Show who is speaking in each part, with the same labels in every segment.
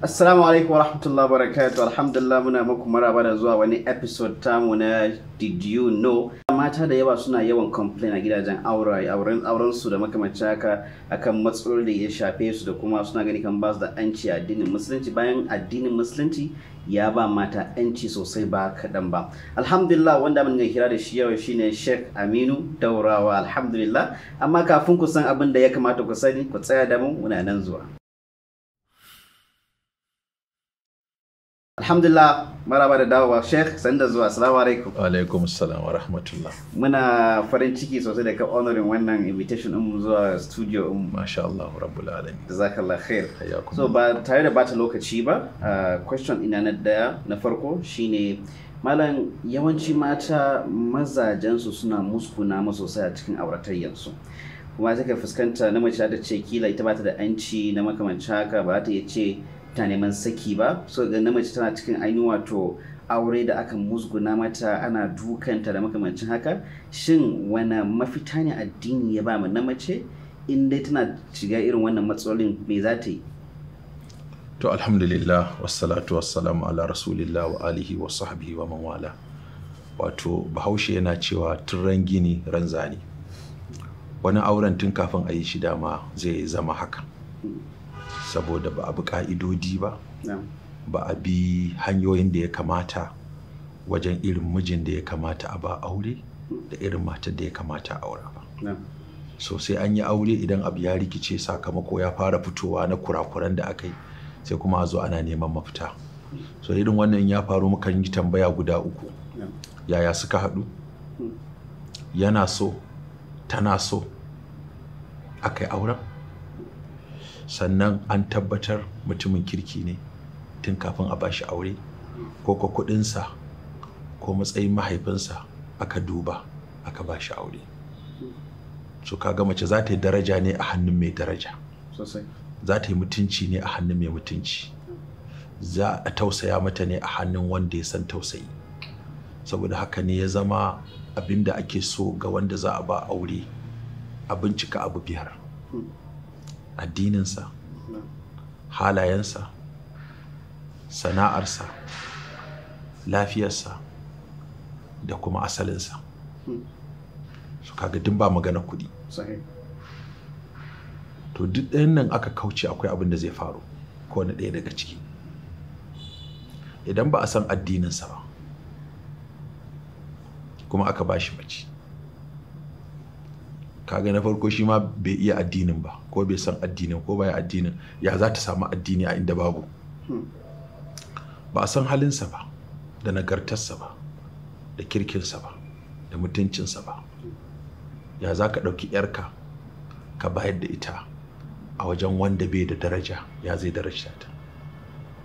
Speaker 1: Assalamu alaikum wa barakatuh alhamdulillah muna muku maraba da zuwa wani episode tamu na did you know mata da yawa suna yawan complain a gidajen aure auren auren su da makamacin haka akan matsalolin da ya shafe su da kuma suna gani kan basu su da yanci addinin musulunci bayan addinin musulunci ya ba mata yanci sosai ba kaɗan ba alhamdulillah wanda mun kira da shi yau shine Sheikh Aminu Daurawa alhamdulillah amma kafin ku san abin da ya kamata ku sani ku tsaya da mu muna nan zuwa alhamdulillah maraba da dawowa sheikh sanda zuwa assalamu alaikum wa
Speaker 2: alaikum assalam wa rahmatullah
Speaker 1: muna farin ciki sosai da ka honorin wannan invitation din zuwa studio din masha Allah rabbul alamin jazakallah khair so ba tare da bata lokaci ba uh, question ina na daya na farko shine malam yawanci mata su suna muskuna masu sosai a cikin su kuma sai ka fuskanta na mace ta ce kila ita bata da anci na makamancin haka ba ta iya ce ta neman saki ba so da mace tana cikin ainihin wato aure da aka musguna mata ana dukanta da makamancin haka shin wani mafita ne addini ya ba na mace in dai tana shiga irin wannan matsalolin mai za ta yi
Speaker 2: to alhamdulillah wassalatu wassalamu ala rasulillah wa alihi wa sahbihi wa man wala wato bahaushe yana cewa tun gini ran zane wani auren tun kafin a yi shi dama zai zama haka saboda ba a bi ka'idodi ba ba a bi hanyoyin da ya kamata wajen irin mijin da ya kamata a ba aure da irin matar da ya kamata a aura ba so sai an yi aure idan abu ya rikice sakamako ya fara fitowa na kurakuran da aka yi sai kuma a zo ana neman mafita so irin wannan ya faru mukan yi tambaya guda uku yaya suka haɗu hmm. yana so tana so aka yi auren sannan an tabbatar mutumin kirki ne tun kafin a bashi aure ko ko kudinsa ko matsayin mahaifinsa aka duba aka bashi aure so kaga mace za ta yi daraja ne a hannun mai daraja za ta yi mutunci ne a hannun mai mutunci za a tausaya mata ne a hannun wanda ya san tausayi saboda haka ne ya zama abin da ake so ga wanda za a ba aure a bincika abu biyar hmm. addininsa halayensa sana'arsa lafiyarsa da kuma asalinsa su kaga duk ba magana kuɗi to duk ɗayan nan aka kauce akwai abin da zai faru ko wani ɗaya daga ciki idan ba a san addininsa ba kuma aka ba shi mace kaga na farko shi ma bai iya addinin ba ko bai san addinin ko baya addinin ya za ta samu addini a inda babu hmm. ba a san halinsa ba da nagartarsa ba da kirkinsa ba da mutuncinsa ba ya za ka ɗauki 'yarka ka bayar da ita a wajen wanda bai da daraja ya zai daraja ta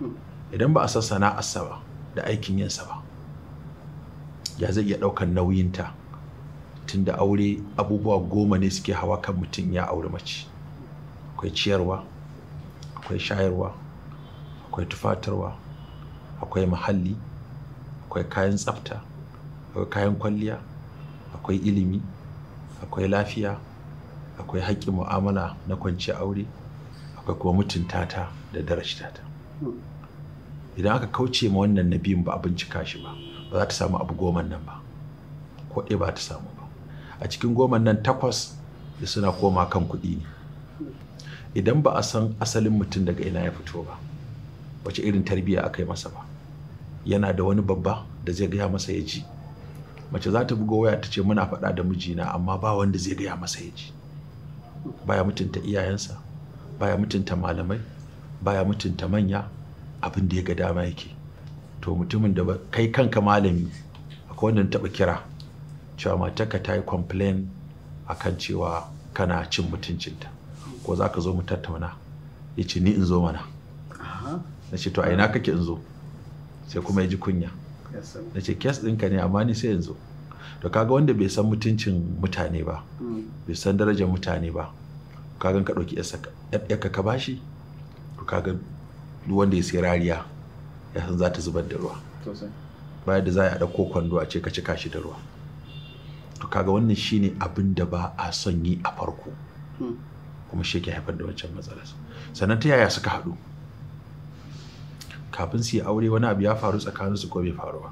Speaker 2: hmm. idan ba a san sana'arsa ba da aikin yinsa ba ya zai iya ɗaukar nauyinta tun da aure abubuwa goma ne suke hawa kan mutum ya auri mace akwai ciyarwa akwai shayarwa akwai tufatarwa akwai muhalli akwai kayan tsafta akwai kayan kwalliya akwai ilimi akwai lafiya akwai haƙƙin mu'amala na kwanci aure akwai kuma mutunta ta da darashi ta idan aka kauce ma wannan na biyun ba abin cika shi ba ba za ta samu abu goma nan ba ko ɗaya ba ta samu a cikin goma nan takwas da suna koma kan kuɗi ne idan ba a san asalin mutum daga ina ya fito ba wace irin tarbiyya aka yi masa ba yana da wani babba da zai gaya masa ya ji mace za ta bugo waya ta ce muna faɗa da mijina amma ba wanda zai gaya masa ya ji baya mutunta iyayensa baya mutunta malamai baya mutunta manya abin da ya ga dama yake to mutumin da kai kanka malami akwai wanda taɓa kira cewa matarka ta yi complain akan cewa kana cin mutuncinta ko za ka zo mu tattauna ya ce ni in zo mana na ce to a ina kake in zo sai kuma ya ji kunya na ce kes ɗinka ne amma ni sai in zo to kaga wanda bai san mutuncin mutane ba mm. bai san darajar mutane ba kagan ka ɗauki yaka ka bashi to kaga wanda ya sai rariya ya san za ta zubar da ruwa bayan da za a ɗauko kwando a ce ka cika shi da ruwa to kaga wannan shine abin da ba a son yi a farko hmm. kuma shi ke haifar da wancan matsala sannan ta yaya suka haɗu kafin su yi aure wani abu ya faru tsakanin su ko bai faru ba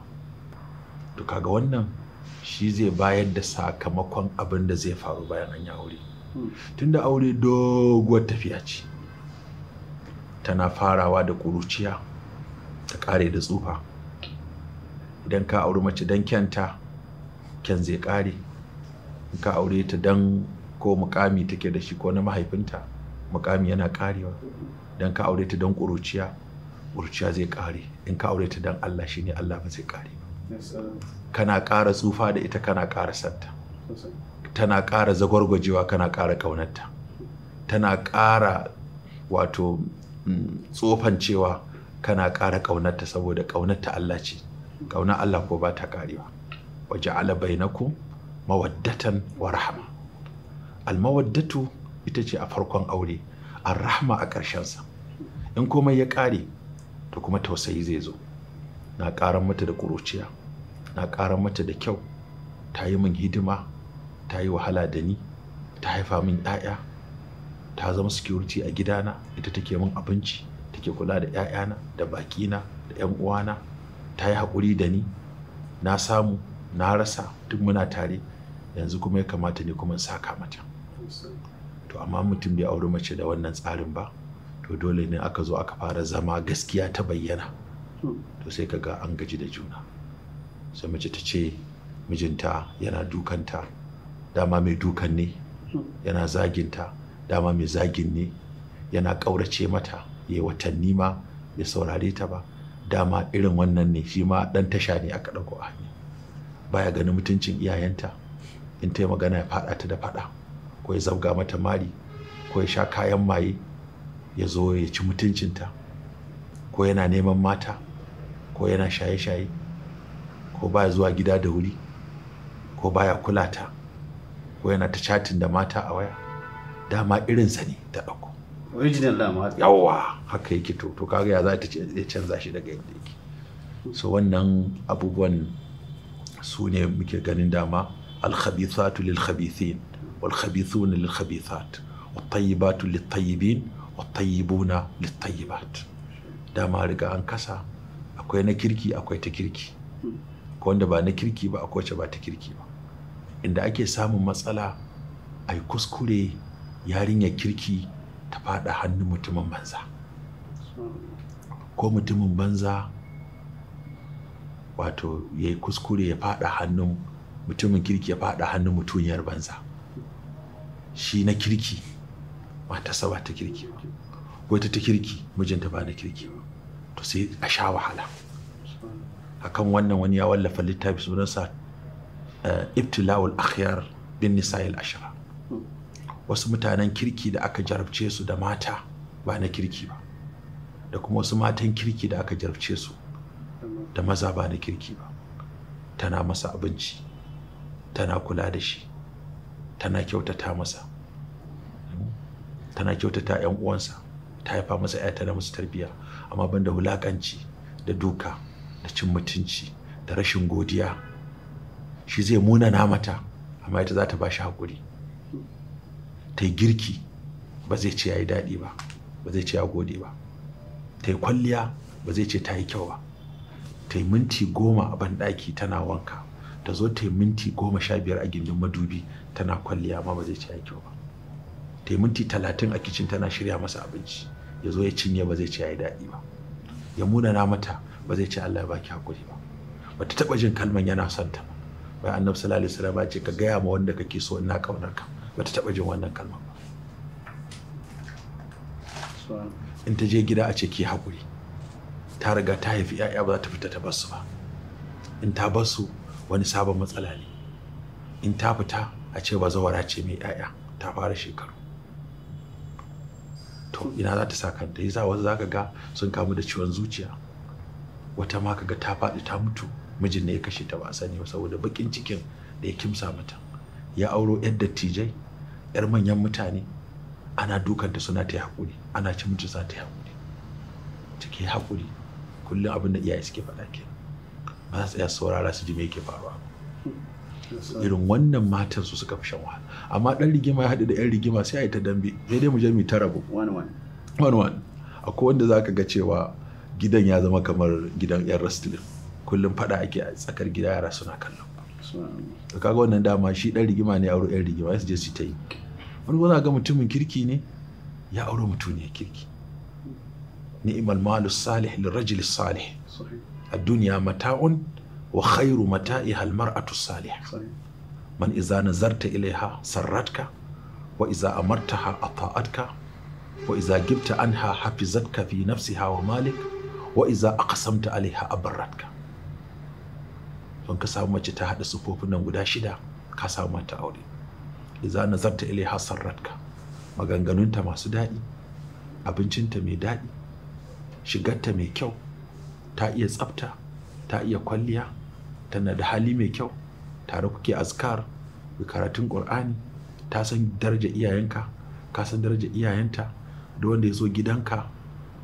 Speaker 2: to kaga wannan shi zai bayar da sakamakon abin da zai faru bayan an yi aure hmm. tunda aure doguwar tafiya ce tana farawa da ƙuruciya ta kare da tsufa idan ka auri mace don kyanta kyan zai ƙare in ka aure ta dan ko mukami take da shi ko na mahaifinta mukami yana ƙarewa dan ka aure ta dan ƙuruciya ƙuruciya zai ƙare in ka aure ta dan Allah shine Allah ba zai ƙare
Speaker 1: ba
Speaker 2: kana ƙara tsufa da ita kana ƙara santa tana ƙara zagwargwajewa kana ƙara ƙaunarta tana ƙara wato mm, tsofancewa kana ƙara ƙaunarta saboda ƙaunarta Allah ce ƙaunar Allah ko ba ta ƙarewa wa ja'ala bainakum mawaddatan wa rahma almawaddatu ita ce a farkon aure arrahma a ƙarshensa in komai ya ƙare to kuma tausayi zai zo na ƙaran mata da ƙuruciya na ƙaran mata da kyau ta yi min hidima ta yi wahala da ni ta haifa min 'ya'ya ta zama security a gidana ita take min abinci take kula da 'ya'yana da na da 'yan uwana ta yi haƙuri da ni na samu na rasa duk muna tare yanzu kuma ya kamata ne kuma saka mata to amma mutum bai auri mace da wannan tsarin ba to dole ne aka zo aka fara zama gaskiya ta bayyana to sai ka ga an gaji da juna sai mace ta ce mijinta yana dukanta dama mai dukan ne yana zaginta dama mai zagin ne yana ƙaurace mata ya watanni ma ya saurare ta ba dama irin wannan ne shi ma ɗan tasha ne aka ɗauko a baya ganin mutuncin iyayenta in ta yi magana ya faɗa ta da faɗa ko ya zabga mata mari ko ya sha kayan maye ya zo ya ci mutuncinta ko yana neman mata ko yana shaye-shaye ko baya zuwa gida da wuri ko baya kula ta ko yana ta chatin da mata a waya dama irinsa ne ta ɗauko
Speaker 1: original dama yawa
Speaker 2: haka yake to to kaga ya za ta canza shi daga yadda yake so wannan abubuwan su ne muke ganin dama alkhabithatu lil khabithin wal khabithuna lil khabithat wat tayyibatu lit tayyibin dama riga an kasa akwai na kirki akwai ta kirki ko wanda ba na kirki ba akwai wacce ba ta kirki ba inda ake samun matsala ai kuskure yarinya kirki ta fada hannun mutumin banza ko mutumin banza wato ya yi kuskure ya faɗa hannun mutumin kirki ya fada hannun mutuniyar banza shi na kirki matasa ba ta kirki ko ta kirki mijinta ba na kirki to sai a sha wahala akan wannan wani ya wallafa littafi sunansa eh, ibtilawul akhyar bin nisa'il ashara wasu mutanen kirki da aka jarabce su da mata ba na kirki ba da kuma wasu matan kirki da aka jarabce su da maza ba na kirki ba tana masa abinci tana kula da shi tana kyautata masa tana kyautata 'yan uwansa ta haifa masa 'ya tana masa tarbiyya amma banda wulakanci da duka da cin mutunci da rashin godiya shi zai munana mata amma ita za ta ba shi haƙuri ta yi girki ba zai ce ya yi daɗi ba ba zai ce ya gode ba ta yi kwalliya ba zai ce ta yi kyau ba ta yi minti goma a banɗaki tana wanka ta zo ta yi minti goma sha biyar a gindin madubi tana kwalliya ma ba zai ci kyau ba ta yi minti talatin a kicin tana shirya masa abinci ya zo ya cinye ba zai ci ya yi daɗi ba ya munana mata ba zai ci Allah ya baki hakuri ba ba ta taɓa jin kalman yana son ta ba bai annabi sallallahu alaihi wasallam ce ka gaya ma wanda kake so ina kaunar ka ba ta taɓa jin wannan kalman ba in ta je gida a ce ki hakuri ta riga ta haifi 'ya'ya ba za ta fita ta basu ba in ta basu wani sabon matsala ne in ta fita a ce ba zawara ce mai 'ya'ya ta fara shekaru to ina za ta saka da yasa wasu zaka ga sun kamu da ciwon zuciya wata ma ga ta faɗi ta mutu mijin ne ya kashe ta ba sani ba saboda bakin cikin da ya kimsa mata ya auro yar dattijai yar manyan mutane ana dukanta suna ta yi hakuri ana ci mutu za ta yi take hakuri. kullum abin da iyaye suke faɗa ke ba su tsaya saurara su ji me yake faruwa irin wannan matan su suka fi shan wahala amma dan rigima ya haɗu da yan rigima sai a yi ta dambe sai dai mu je mu ta rabu wani wani akwai wanda zaka ga cewa gidan ya zama kamar gidan yan rastilin kullum faɗa ake a tsakar gida yara suna kallon ka kaga wannan dama shi dan rigima ne auro yan rigima ya su je su ta yi wani ko za ga mutumin kirki ne ya auro mutuniyar kirki ni'mal malu salih lirajul salih ad-dunya mata'un wa khairu mata'iha al-mar'atu salih man idza nazarta ilaiha sarratka wa idza amartaha ata'atka waiza idza gibta anha hafizatka fi nafsiha wa malik wa idza aqsamta alaiha abarratka don ka samu mace ta haɗa sufofin nan guda shida ka samu mata aure idza nazarta ilaiha sarratka maganganunta masu daɗi abincinta mai daɗi shigarta mai kyau ta iya tsafta ta iya kwalliya tana da hali mai kyau tare kuke azkar da karatun ƙur'ani ta san daraja iyayenka ka san daraja iyayenta da wanda ya zo gidanka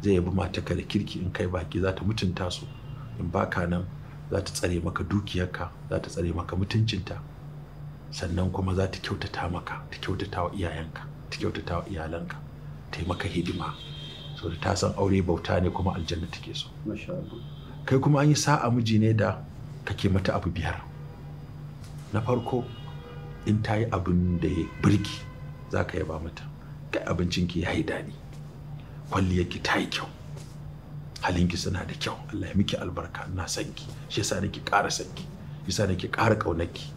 Speaker 2: zai yabi ka da kirki in kai baki za ta mutunta su in baka nan za ta tsare maka dukiyarka za ta tsare maka mutuncinta sannan kuma za ta kyautata maka ta kyautata wa iyayenka ta kyautata wa iyalanka ta yi maka hidima so ta san aure bauta ne kuma aljanna take so kai kuma an yi sa'a miji ne da kake mata abu biyar na farko in ta yi abin da ya birki za ka yaba mata kai abincinki ya yi daɗi kwalliyarki ta yi kyau halinki suna da kyau Allah ya miki albarka na san ki shi yasa nake ƙara san ki yasa nake ƙara ƙaunar ki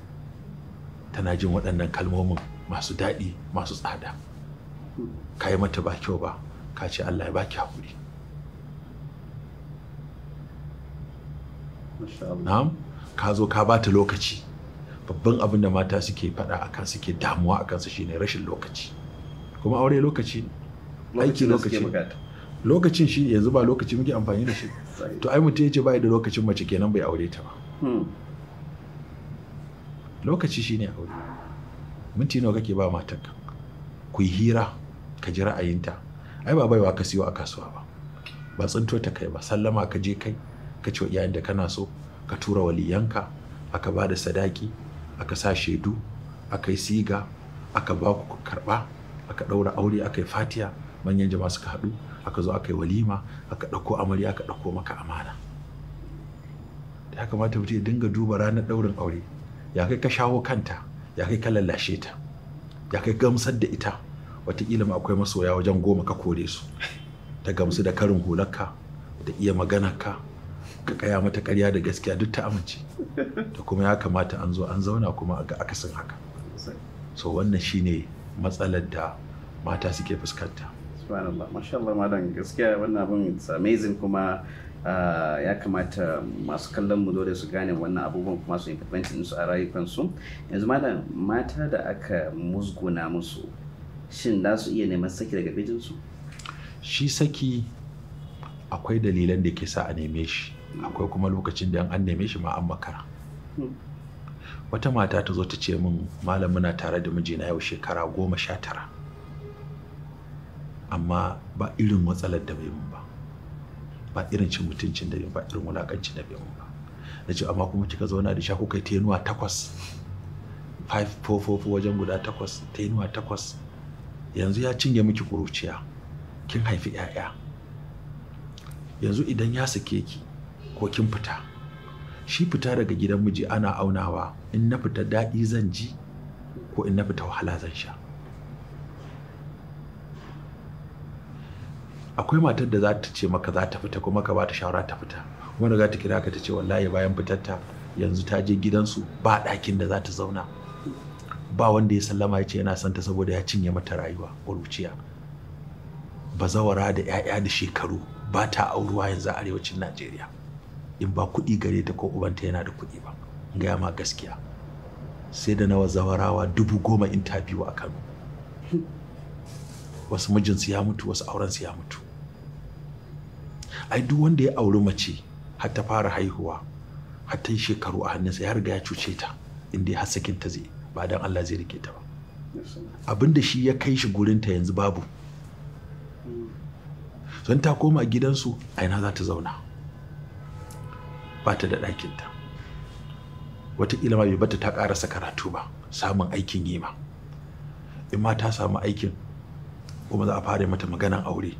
Speaker 2: tana jin waɗannan kalmomin masu daɗi masu tsada kai mata ba kyau ba ka ce Allah ya baki haƙuri na'am ka zo ka bata lokaci babban abin da mata suke faɗa kan suke damuwa kan su shine rashin lokaci kuma aure lokaci aiki lokaci lokacin shi yanzu ba lokaci muke amfani da shi to ai mutum yace bai da lokacin mace kenan bai aure ta ba hmm. lokaci shine aure minti nawa kake ba matarka ku yi hira ka ji ra'ayinta ai ba baiwa ka siyo a kasuwa ba ba tsinto ta kai ba sallama ka je kai ka ce iyayen da kana so ka tura waliyanka aka ba da sadaki aka sa shaidu aka yi siga aka ba ku karba aka daura aure aka yi fatiya manyan jama'a suka haɗu aka zo aka yi walima aka ɗauko amarya aka ɗauko maka amana ya kamata mutum ya dinga duba ranar ɗaurin aure ya kai ka shawo kanta ya kai ka lallashe ta ya kai gamsar da ita watakila ma akwai masoya wajen goma ka kore su ta gamsu da karin hularka da iya magana ka ka kaya mata karya da gaskiya duk ta amince ta kuma ya kamata an zo an zauna kuma ga akasin haka so wannan shine matsalar da mata suke fuskanta
Speaker 1: subhanallah masha Allah madan gaskiya wannan abun it's amazing kuma ah, ya kamata masu kallon mu dole su gane wannan abubuwan kuma su implementing su a rayukan su yanzu madan mata da aka musguna musu shin za su iya neman saki daga bijinsu
Speaker 2: shi saki akwai dalilan da ke sa a neme shi akwai kuma lokacin da an neme shi ma an makara hmm. wata mata ta zo ta ce min malam muna tare da mijina yau shekara goma sha tara amma ba irin matsalar da bai mun ba ba irin cin mutuncin da ba irin wulakancin da bai mun ba na ce amma kuma kika zauna da sha kuka ta yanuwa takwas 5444 wajen guda takwas ta yanuwa takwas yanzu ya cinye miki kuruciya kin haifi 'ya'ya yanzu idan ya sake ki ko kin fita shi fita daga gidan miji ana aunawa in na fita daɗi zan ji ko in na fita wahala zan sha akwai matar da za ta ce maka za ta fita kuma ka ba ta shawara ta fita wanda za ta kira ka ta ce wallahi bayan fitarta yanzu ta je gidansu ba ɗakin da za ta zauna ba wanda ya sallama ya ce yana santa saboda ya cinye mata rayuwa ƙuruciya zawara da 'ya'ya da shekaru ba ta auruwa yanzu a arewacin najeriya in ba kuɗi gare ta ko ubanta yana da kuɗi ba gaya ma gaskiya sai da nawa zawarawa dubu goma in ta biyu a kano wasu mijinsu ya mutu wasu aurensu ya mutu ai duk wanda ya auri mace har ta fara haihuwa har ta yi shekaru a hannunsa ya riga ya cuce ta inda ya har ta zai ba dan Allah zai rike ta ba abinda shi ya kai shi gurinta yanzu babu sun ta koma gidansu a ina za ta zauna ba ta da ɗakinta wataƙila ma bai bata ta ƙarasa karatu ba samun aikin yi ma in ma ta samu aikin kuma za a fara mata maganan aure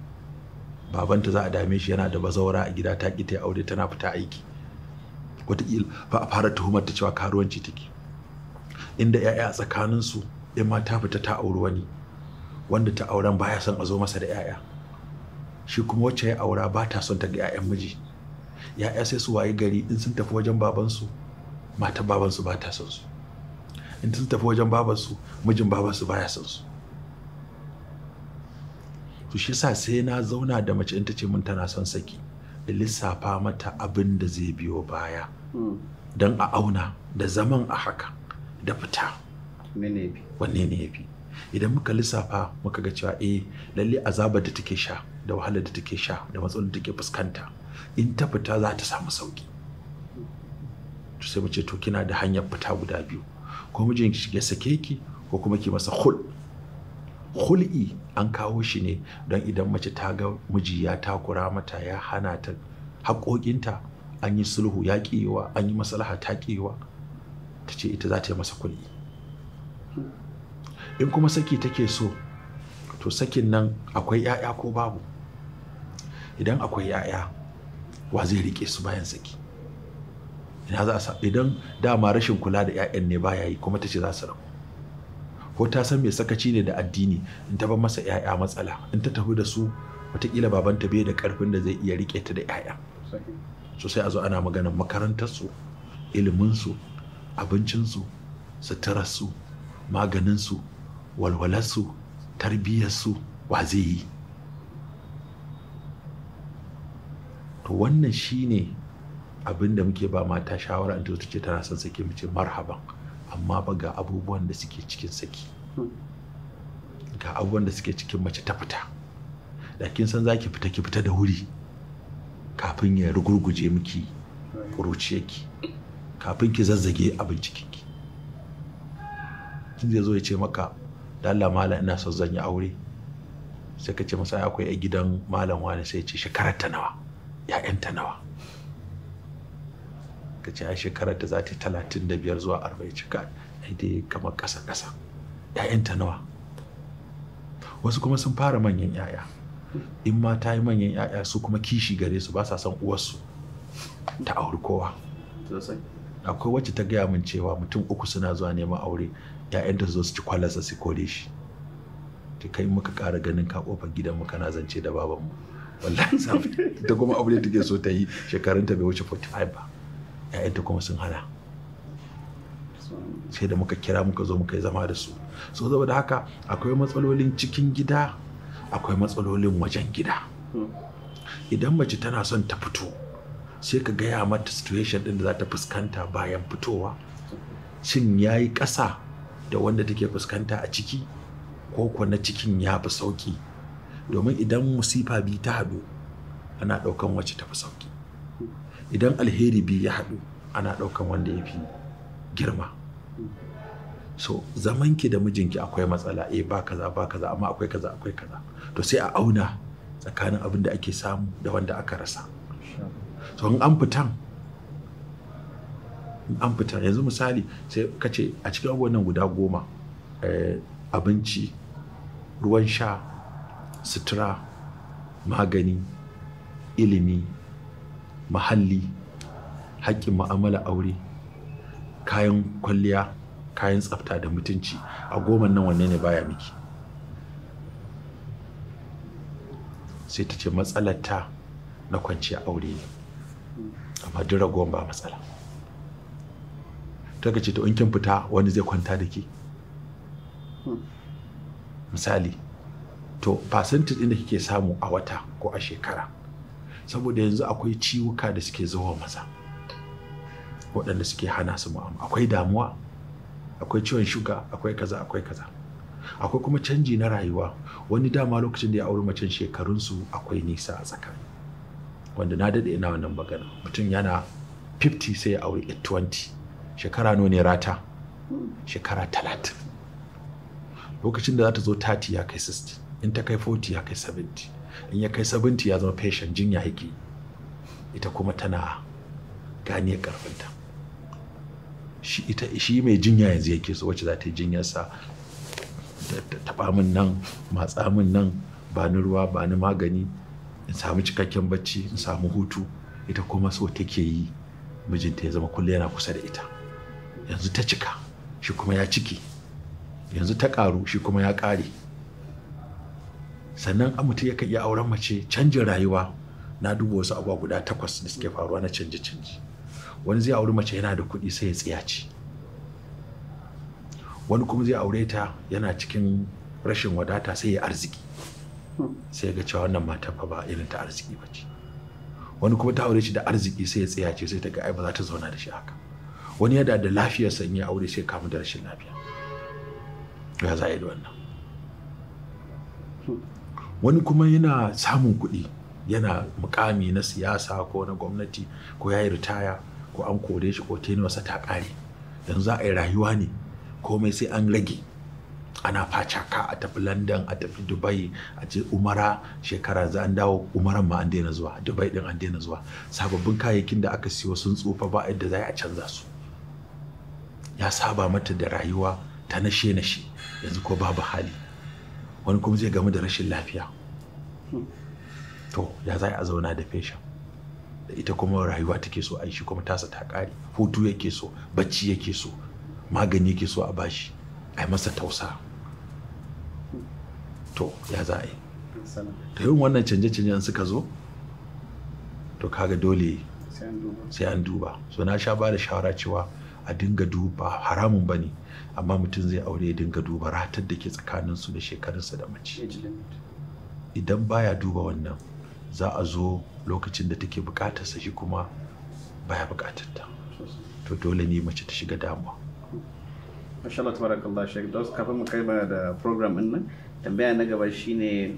Speaker 2: babanta za a dame shi yana da bazawara a gida ta ƙi ta aure tana fita aiki wataƙila ba a fara tuhumar ta cewa karuwanci take inda 'ya'ya a tsakaninsu in ma ta fita ta auri wani wanda ta auren baya son a zo masa da 'ya'ya shi kuma wacce ya aura ba ta son ta ga 'ya'yan miji 'ya'ya sai su wayi gari in sun tafi wajen babansu mata babansu ba ta son su in sun tafi wajen babansu mijin babansu baya son su to shi sa sai na zauna da mace in ta ce min tana son saki da lissafa mata abin da zai biyo baya hmm. don a auna da zaman a haka da fita wanne ne ya fi idan muka lissafa muka ga cewa eh lalle azabar da take sha da wahalar da take sha da matsalolin da take fuskanta in ta fita za ta samu sauki to sai mu ce to kina da hanyar fita guda biyu ko mijin ki ya sake ki ko kuma ki masa hul hul'i an kawo shi ne don idan mace ta ga miji ya takura mata ya hana ta haƙoƙinta an yi sulhu ya ƙiyewa an yi maslaha ta ƙiyewa ta ce ita za ta yi masa kulli in kuma saki take so to sakin nan akwai 'ya'ya ko babu idan akwai 'ya'ya wa zai rike su bayan saki ina za a idan dama rashin kula da 'ya'yan ne baya yi kuma ta ce za su rabu ko ta san mai sakaci ne da addini in ta bar masa 'ya'ya matsala in ta tafi da su wataƙila babanta bai da ƙarfin da zai iya riƙe ta da 'ya'ya sosai a zo ana maganar makarantarsu iliminsu abincinsu suturarsu maganinsu walwalarsu tarbiyyarsu wa zai yi to wannan shine abin da muke ba mata shawara in ta ce tana son sake mace marhaban amma ba ga abubuwan da suke cikin saki ga abubuwan da suke cikin mace ta fita da kin san ki fita ki fita da wuri kafin ya rugurguje miki ƙuruciyarki kafin ki zazzage abin cikinki tun zai zo ya ce maka da Allah malam ina son zan yi aure sai ka ce masa akwai a gidan malam wani sai ya ce shekarar ta nawa ta nawa ka ce ai shekarar ta za ta talatin da biyar zuwa arba'in cika ai dai kamar ƙasa ƙasa ta nawa wasu kuma sun fara manyan ya'ya in ma ta yi manyan ya'ya su kuma kishi gare su ba sa son uwarsu ta auri kowa akwai wacce ta gaya min cewa mutum uku suna zuwa neman aure ya'yan ‘ya'yanta zo su ci kwalarsa su kore shi ta kai muka ƙara ganin ka ƙofar gidan mu kana zance da baban mu. wallahi sam ta kuma aure take so ta yi shekarun ta bai wuce 45 ba ya'yan ta kuma sun hana sai da muka kira muka zo muka yi zama da su so saboda haka akwai matsalolin cikin gida akwai matsalolin wajen gida hmm. idan mace tana son ta fito sai ka gaya mata situation din da za ta fuskanta bayan fitowa shin ya yi ƙasa da wanda take fuskanta a ciki ko na cikin ya fi sauƙi domin idan musifa biyu ta haɗu ana ɗaukan wacce ta fi sauƙi idan alheri biyu ya haɗu ana ɗaukan wanda ya fi girma so zamanki da mijinki akwai matsala eh ba kaza ba kaza amma akwai kaza akwai kaza to sai a auna tsakanin abin da ake samu da wanda aka rasa So in an fitan in an fita yanzu misali sai ka ce a cikin abubuwan guda goma eh, abinci ruwan sha sutura magani ilimi mahalli haƙƙin ma'amala aure kayan kwalliya kayan tsafta da mutunci a goma nan wanne ne baya miki sai ta ce matsalar ta na kwanciya aure ne amma duk ragowar ba matsala ta ce to in fita wani zai kwanta da ke misali to percentage ɗin da kike samu a wata ko a shekara saboda yanzu akwai ciwuka da suke zuwa maza waɗanda suke hana su mu'amala akwai damuwa akwai ciwon shuga akwai kaza akwai kaza akwai kuma canji na rayuwa wani dama lokacin da ya auri macen shekarunsu akwai nisa a tsakani wanda na daɗe ina wannan magana mutum yana 50 sai ya aure 20 shekara nawa ne rata shekara 30 lokacin da za ta zo 30 ya kai 60 in ta kai 40 ya kai 70 in ya kai 70 ya zama fashion jinya yake ita kuma tana ya karfinta shi ita shi mai jinya yanzu yake so wacce za ta yi jinyarsa taɓa min nan matsa min nan ba ni ruwa ba ni magani in samu cikakken bacci in samu hutu ita kuma so take yi mijinta ya zama kullu yana kusa da ita yanzu ta cika shi kuma ya ciki yanzu ta karu shi kuma ya kare sannan amutu yakan iya auren mace canjin rayuwa na duba wasu abubuwa guda takwas da suke faruwa na canje canje wani zai auri mace yana da kuɗi sai ya tsiyaci wani kuma zai aure ta yana cikin rashin wadata sai ya arziki sai ga cewa wannan mata fa ba irin ta arziki ba ce wani kuma ta aure shi da arziki sai ya tsaya ce sai ta ga ai ba za ta zauna da shi haka wani yana da lafiyar sanya aure sai kamu da rashin lafiya ya za a yi wannan wani kuma yana samun kuɗi yana mukami na siyasa ko na gwamnati ko ya yi ritaya ko an kore shi ko wasa ta ƙare yanzu za a yi rayuwa ne komai sai an rage ana ka a tafi london a tafi dubai a ce umara shekara za an dawo umaran ma an daina zuwa dubai din an daina zuwa sababbin kayayyakin da aka siyo sun tsufa ba yadda za a canza su ya saba mata da rayuwa ta nashe nashe yanzu ko babu hali wani kuma zai gamu da rashin lafiya to ya za a zauna da fesha da ita kuma rayuwa take so a yi shi kuma tasa ta kare hutu yake so bacci yake so magani yake so a bashi a yi masa tausa to ya za a yi ta yin wannan canje-canjen suka zo to kaga dole sai an duba so na sha ba da shawara cewa a dinga duba haramun bane amma mutum zai aure ya dinga duba ratar da ke su da shekarunsa da mace idan baya duba wannan za a zo lokacin da take sa shi kuma baya ta to dole ne mace ta shiga damuwa
Speaker 1: Masha Allah tabarakallah Sheikh Dos kafin mu kai da program din nan tambaya na gaba shine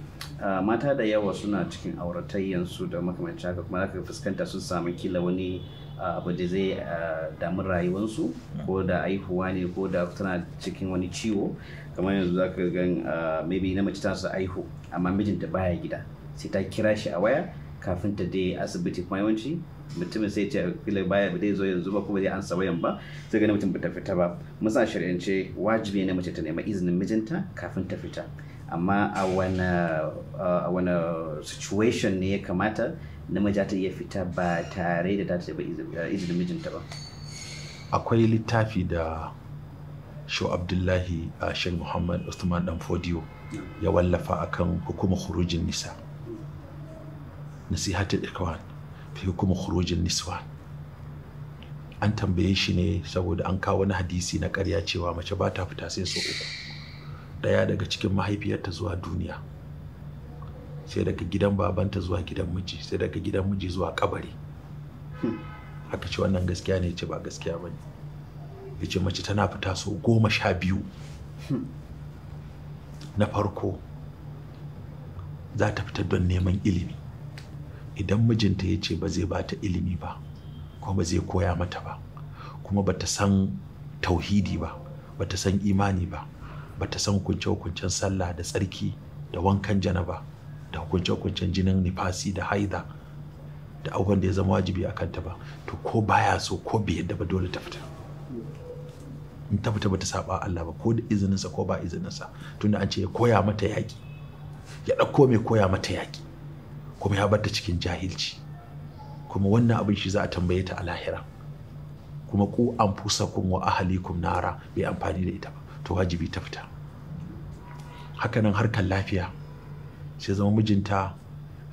Speaker 1: mata da yawa suna cikin auratayyan su da makamancin haka kuma zaka fuskanta sun samu kila wani abu da zai damu rayuwarsu ko da aihuwa ne ko da tana cikin wani ciwo kamar yanzu zaka ga maybe na mace ta su aihu amma mijinta baya gida sai ta kira shi a waya kafin ta dai asibiti kuma yawanci mutumin sai ce kila baya ba zai zo yanzu ba kuma zai ansa wayan ba sai ga mutum bata fita ba musa shari'ance wajibi ne mace ta nema izinin mijinta kafin ta fita amma a wani situation ne ya kamata namiji ta iya fita ba tare da ta ba eh, izinin mijinta ba
Speaker 2: akwai littafi da Shaw abdullahi a sheikh muhammad usman dan fodiyo ya wallafa akan hukumar hurujin nisa nasihatul ikwan fi kuma khurujin niswa an tambaye shi ne saboda an kawo wani hadisi na ƙarya cewa mace ba ta fita sai so uku ɗaya daga cikin mahaifiyarta zuwa duniya sai daga gidan babanta zuwa gidan miji sai daga gidan miji zuwa kabari haka ce wannan gaskiya ne ce ba gaskiya ba ya ce mace tana fita so goma sha biyu na farko za ta fita don neman ilimi idan mijinta ya ce ba zai ba ta ilimi ba ko ba zai koya mata ba kuma ba ta san tauhidi ba ba ta san imani ba ba ta san kunce-kuncen sallah da tsarki da wankan janaba da kunce-kuncen jinin nifasi da haida da abubuwan da ya zama wajibi a kanta ba to ko baya so ko bai yadda ba dole ta fita in ta fita ba bata saba Allah ba ko da izininsa ko ba izininsa tunda an ce ya koya mata yaƙi ya ɗauko mai koya mata yaƙi kuma ya bar ta cikin jahilci kuma wannan abin shi za a tambaye ta a lahira kuma ku an fusa kun wa ahalikum nara bai amfani da ita ba to wajibi ta fita hakanan harkar lafiya sai zama mijinta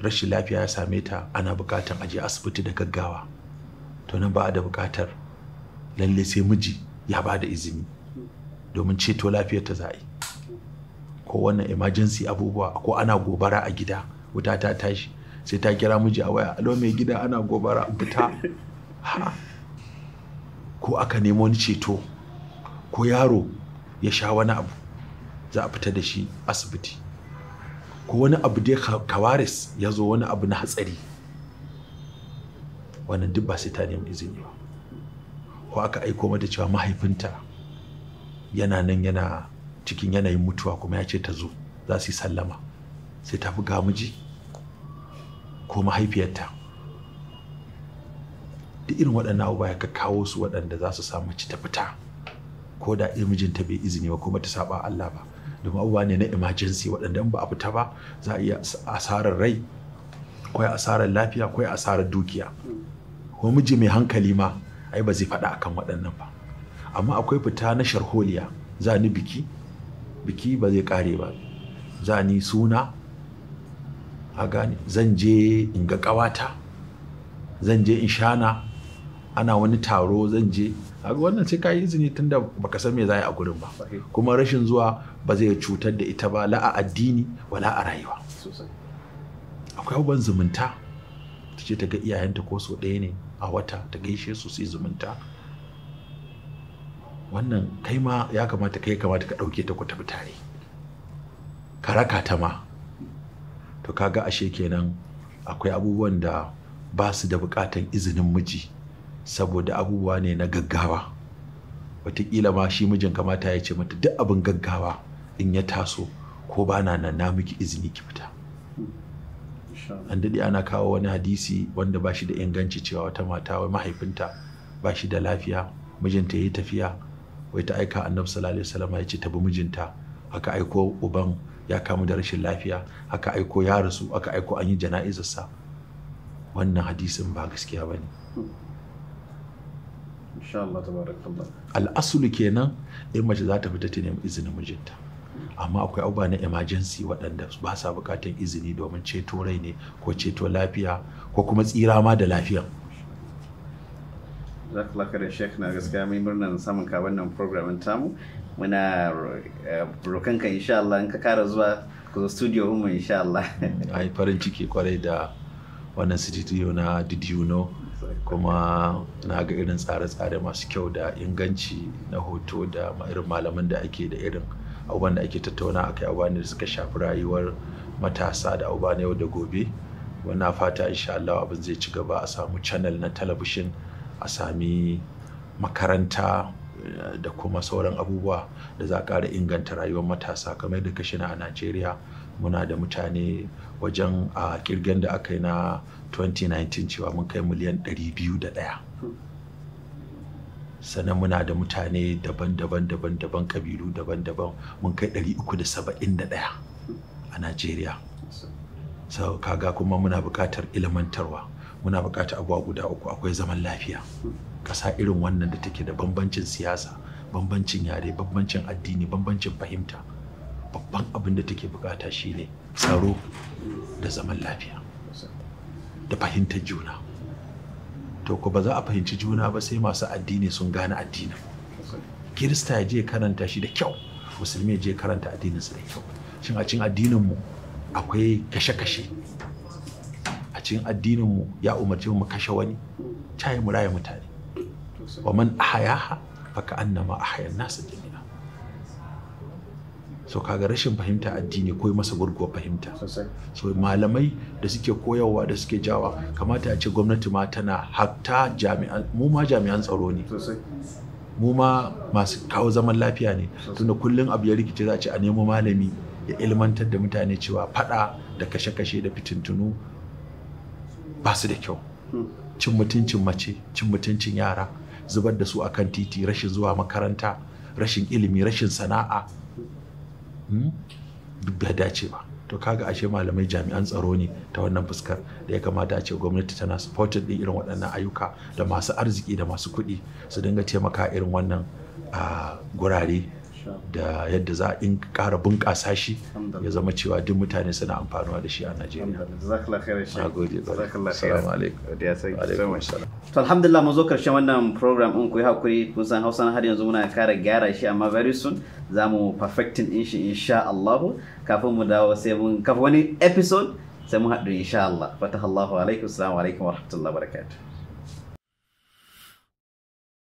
Speaker 2: rashin lafiya ya same ta ana bukatan aje asibiti da gaggawa to nan ba a da bukatar lalle sai miji ya ba da izini domin ceto lafiyar ta zai ko wannan emergency abubuwa ko ana gobara a gida wuta ta tashi sai ta kira miji a waya alo mai gida ana gobara fita ko aka nemo wani ceto ko yaro ya sha wani abu za a fita da shi asibiti ko wani abu dai kawaris ya zo wani abu na hatsari wannan duk ba sai ta nemi izini ba ko aka aiko mata cewa mahaifinta yana nan yana cikin yanayin mutuwa kuma ya ce ta zo za su yi sallama sai ta fi miji ko mahaifiyarta duk irin waɗannan abubuwa ya kawo su waɗanda za su samu ci ta fita ko da mijinta bai izini ba kuma ta saba Allah ba domin abubuwa ne na emergency waɗanda in ba a fita ba za a iya asarar rai ko asarar lafiya ko asarar dukiya ko miji mai hankali ma ai ba zai faɗa akan waɗannan ba amma akwai fita na sharholiya za ni biki biki ba zai ƙare ba za ni suna a gani zan je in ga ƙawata zan je in shana ana wani taro zan je wannan sai ka yi izini tunda baka san me za a gurin ba kuma rashin zuwa ba zai cutar da ita ba la a addini wala a rayuwa akwai abubuwan zumunta ta ce ta ga iyayenta ko so ɗaya ne a wata ta gaishe su su zumunta wannan kai ma ya kamata kai kamata ka ɗauke ta ku tafi tare ka raka ta ma to ka ga ashe kenan akwai abubuwan da ba su da bukatan izinin miji saboda abubuwa ne na gaggawa wataƙila ma shi mijin kamata ya ce mata duk abin gaggawa in ya taso ko ba na nan na miki izini ki fita an daɗe ana kawo wani hadisi wanda ba shi da inganci cewa wata mata wai mahaifinta ba shi da lafiya mijinta ya yi tafiya wai ta aika annabi sallallahu alaihi wasallam ya ce ta bi mijinta haka aiko uban ya kamu da rashin lafiya aka aiko ya rasu aka aiko an yi jana'izarsa wannan hadisin ba gaskiya ba ne al'asulu kenan in mace za ta fita ta nemi izinin mijinta amma akwai abubuwa na emergency waɗanda ba sa buƙatar izini domin ceto rai ne ko ceto lafiya ko kuma tsira ma da lafiyan
Speaker 1: da shek na gaskiya mai murnan samun ka wannan program tamu muna eh, ka insha Allah in ka kara zuwa ku studio mu
Speaker 2: insha Allah ai farin ciki kwarai da wannan studio na did you know kuma na ga irin tsare-tsare masu kyau da inganci na hoto da irin malaman da ake da irin abubuwan da ake tattauna akai abubuwan da suka shafi rayuwar matasa da abubuwan yau da gobe na fata insha Allah abin zai ci gaba a samu channel na talabishin a sami makaranta eh, da kuma sauran abubuwa da za ƙara inganta rayuwar matasa kamar da kashi na a najeriya muna da mutane wajen a kirgen da aka yi na 2019 cewa mun kai miliyan 201 sannan muna da mutane daban-daban daban-daban kabilu daban-daban mun kai 371 a najeriya sau kaga kuma muna buƙatar ilimantarwa. muna buƙatar abuwa guda uku akwai zaman lafiya ƙasa irin wannan da take da bambancin siyasa bambancin yare bambancin addini bambancin fahimta babban abin da take buƙata shine tsaro da zaman lafiya da fahimtar juna to ko ba za a fahimci juna ba sai masu addini sun gane addinin kirista ya je karanta shi da kyau musulmi ya je karanta addininsa da kyau shin a cikin addinin mu akwai kashe-kashe cikin addinin mu ya umarci mu kashe wani cayi mu raya mutane wa man ahayaha ka annama ahayan nasa jami'a so kaga rashin fahimta addini ko masa gurguwar fahimta so malamai da suke koyarwa da suke jawa kamata a ce gwamnati ma tana hatta jami'an mu ma jami'an tsaro ne mu ma masu kawo zaman lafiya ne tunda kullum abu ya rikice za a ce a nemo malami ya ilmantar da mutane cewa fada da kashe-kashe da fitintunu ba su da kyau cin mutuncin mace cin mutuncin yara zubar da su a kan titi rashin zuwa makaranta rashin ilimi rashin sana'a hmm? duk da dace ba to kaga ashe malamai jami'an tsaro ne ta wannan fuskar da ya kamata a ce gwamnati tana supported din irin waɗannan ayyuka da masu arziki da masu kuɗi su dinga taimaka irin wannan ah, gurare da yadda za a in ƙara bunƙasa shi ya zama cewa duk mutane suna amfanuwa da shi a Najeriya.
Speaker 1: To alhamdulillah mun zo karshen wannan program in ku yi hakuri kun san Hausa har yanzu muna kara gyara shi amma very soon za mu perfecting din shi insha Allah kafin mu dawo sai mun kafa wani episode sai mun haɗu insha Allah. Fatahallahu alaikum assalamu alaikum wa rahmatullahi wa barakatuh.